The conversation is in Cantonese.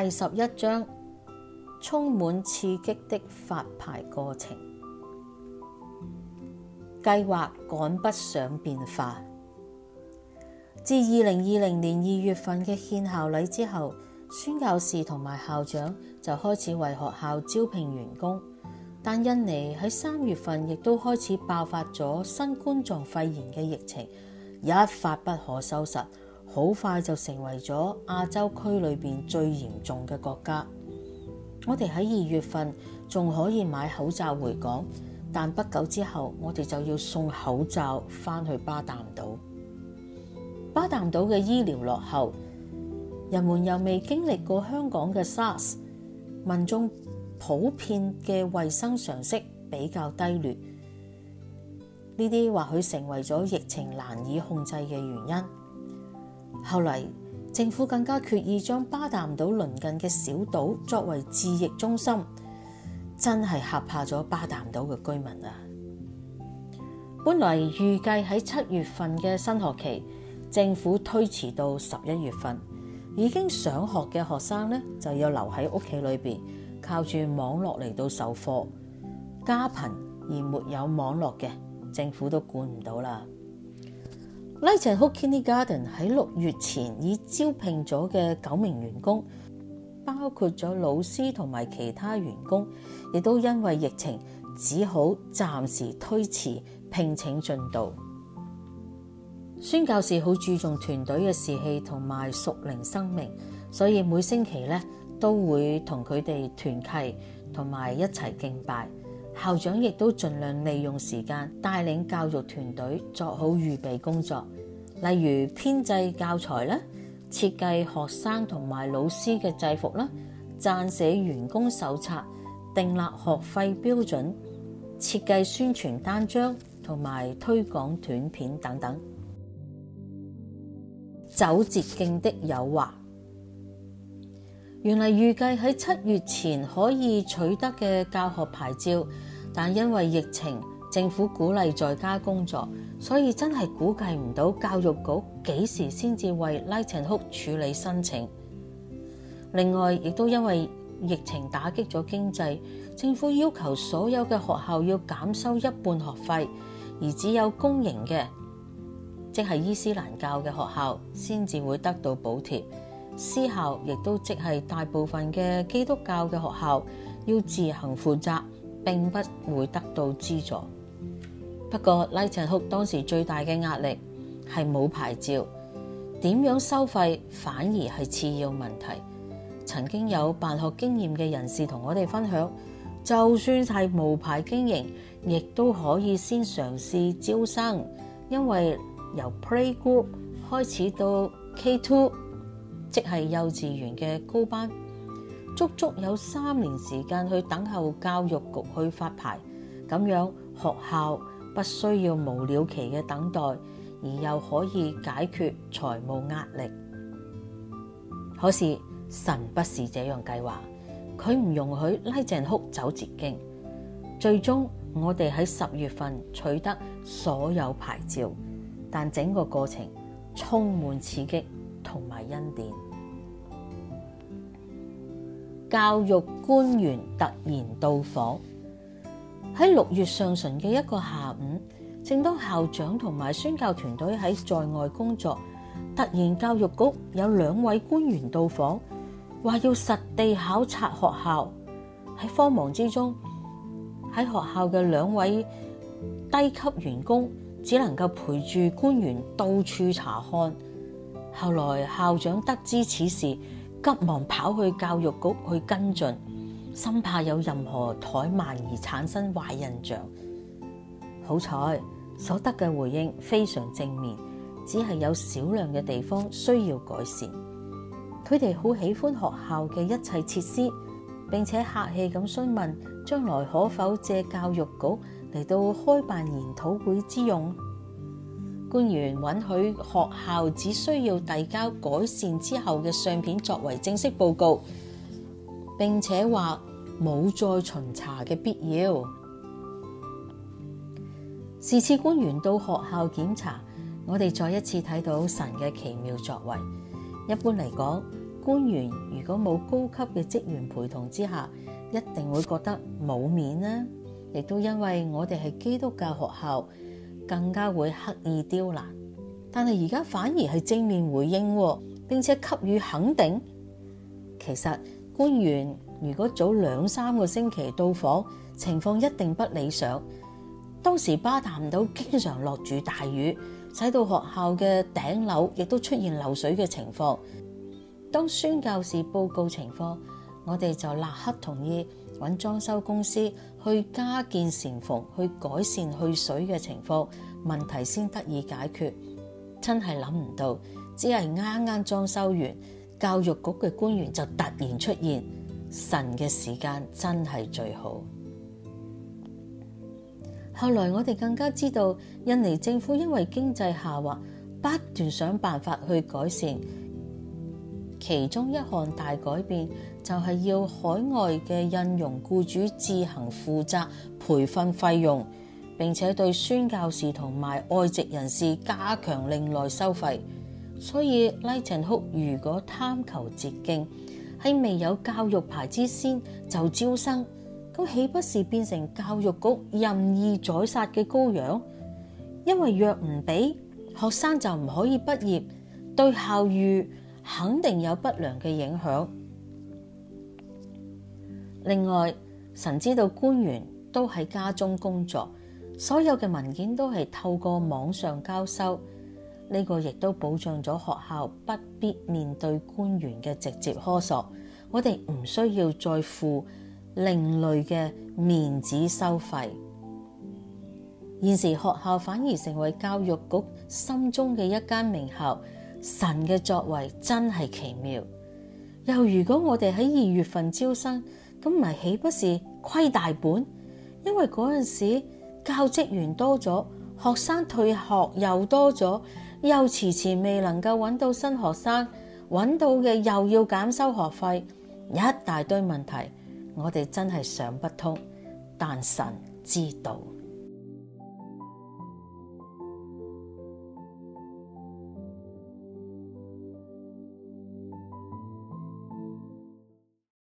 第十一章充滿刺激的發牌過程。計劃趕不上變化。自二零二零年二月份嘅獻校禮之後，孫教士同埋校長就開始為學校招聘員工，但印尼喺三月份亦都開始爆發咗新冠狀肺炎嘅疫情，一發不可收拾。好快就成為咗亞洲區裏邊最嚴重嘅國家。我哋喺二月份仲可以買口罩回港，但不久之後我哋就要送口罩返去巴淡島。巴淡島嘅醫療落後，人們又未經歷過香港嘅 SARS，民眾普遍嘅衛生常識比較低劣，呢啲或許成為咗疫情難以控制嘅原因。後嚟政府更加決意將巴淡島鄰近嘅小島作為治疫中心，真係嚇怕咗巴淡島嘅居民啊！本來預計喺七月份嘅新學期，政府推遲到十一月份，已經上學嘅學生咧就要留喺屋企裏邊，靠住網絡嚟到授課。家貧而沒有網絡嘅政府都管唔到啦。Light Nook Kindergarten 喺六月前已招聘咗嘅九名員工，包括咗老師同埋其他員工，亦都因為疫情只好暫時推遲聘請進度。孫教師好注重團隊嘅士氣同埋屬靈生命，所以每星期咧都會同佢哋團契同埋一齊敬拜。校長亦都盡量利用時間帶領教育團隊做好預備工作，例如編製教材啦、設計學生同埋老師嘅制服啦、撰寫員工手冊、訂立學費標準、設計宣傳單張同埋推廣短片等等。走捷徑的誘惑，原嚟預計喺七月前可以取得嘅教學牌照。但因為疫情，政府鼓勵在家工作，所以真係估計唔到教育局幾時先至為拉陳哭處理申請。另外，亦都因為疫情打擊咗經濟，政府要求所有嘅學校要減收一半學費，而只有公營嘅，即係伊斯蘭教嘅學校，先至會得到補貼。私校亦都即係大部分嘅基督教嘅學校，要自行負責。並不會得到資助。不過拉陳哭當時最大嘅壓力係冇牌照，點樣收費反而係次要問題。曾經有辦學經驗嘅人士同我哋分享，就算係無牌經營，亦都可以先嘗試招生，因為由 Playgroup 開始到 K2，即係幼稚園嘅高班。足足有三年時間去等候教育局去發牌，咁樣學校不需要無了期嘅等待，而又可以解決財務壓力。可是神不是這樣計劃，佢唔容許拉鄭哭走捷徑。最終我哋喺十月份取得所有牌照，但整個過程充滿刺激同埋恩典。教育官員突然到訪，喺六月上旬嘅一個下午，正當校長同埋宣教團隊喺在外工作，突然教育局有兩位官員到訪，話要實地考察學校。喺慌忙之中，喺學校嘅兩位低級員工只能夠陪住官員到處查看。後來校長得知此事。急忙跑去教育局，去跟進，生怕有任何怠慢而產生壞印象。好彩所得嘅回應非常正面，只係有少量嘅地方需要改善。佢哋好喜歡學校嘅一切設施，並且客氣咁詢問將來可否借教育局嚟到開辦研討會之用。官員允許學校只需要遞交改善之後嘅相片作為正式報告，並且話冇再巡查嘅必要。次次官員到學校檢查，我哋再一次睇到神嘅奇妙作為。一般嚟講，官員如果冇高級嘅職員陪同之下，一定會覺得冇面呢。亦都因為我哋係基督教學校。更加會刻意刁難，但係而家反而係正面回應啊，並且給予肯定。其實官員如果早兩三個星期到訪，情況一定不理想。當時巴淡島經常落住大雨，使到學校嘅頂樓亦都出現漏水嘅情況。當宣教士報告情況，我哋就立刻同意。揾裝修公司去加建善房，去改善去水嘅情況，問題先得以解決。真係諗唔到，只係啱啱裝修完，教育局嘅官員就突然出現。神嘅時間真係最好。後來我哋更加知道，印尼政府因為經濟下滑，不斷想辦法去改善。其中一項大改變就係，是，要海外嘅印傭雇主自行負責培訓費用，並且對宣教士同埋外籍人士加強另外收費。所以拉陳哭如果貪求捷徑，喺未有教育牌之先就招生，咁豈不是變成教育局任意宰殺嘅羔羊？因為若唔俾學生就唔可以畢業，對校譽，肯定有不良嘅影響。另外，神知道官員都喺家中工作，所有嘅文件都係透過網上交收，呢、這個亦都保障咗學校不必面對官員嘅直接苛索。我哋唔需要再付另類嘅面子收費。現時學校反而成為教育局心中嘅一間名校。神嘅作為真係奇妙。又如果我哋喺二月份招生，咁咪豈不是虧大本？因為嗰陣時教職員多咗，學生退學又多咗，又遲遲未能夠搵到新學生，搵到嘅又要減收學費，一大堆問題，我哋真係想不通。但神知道。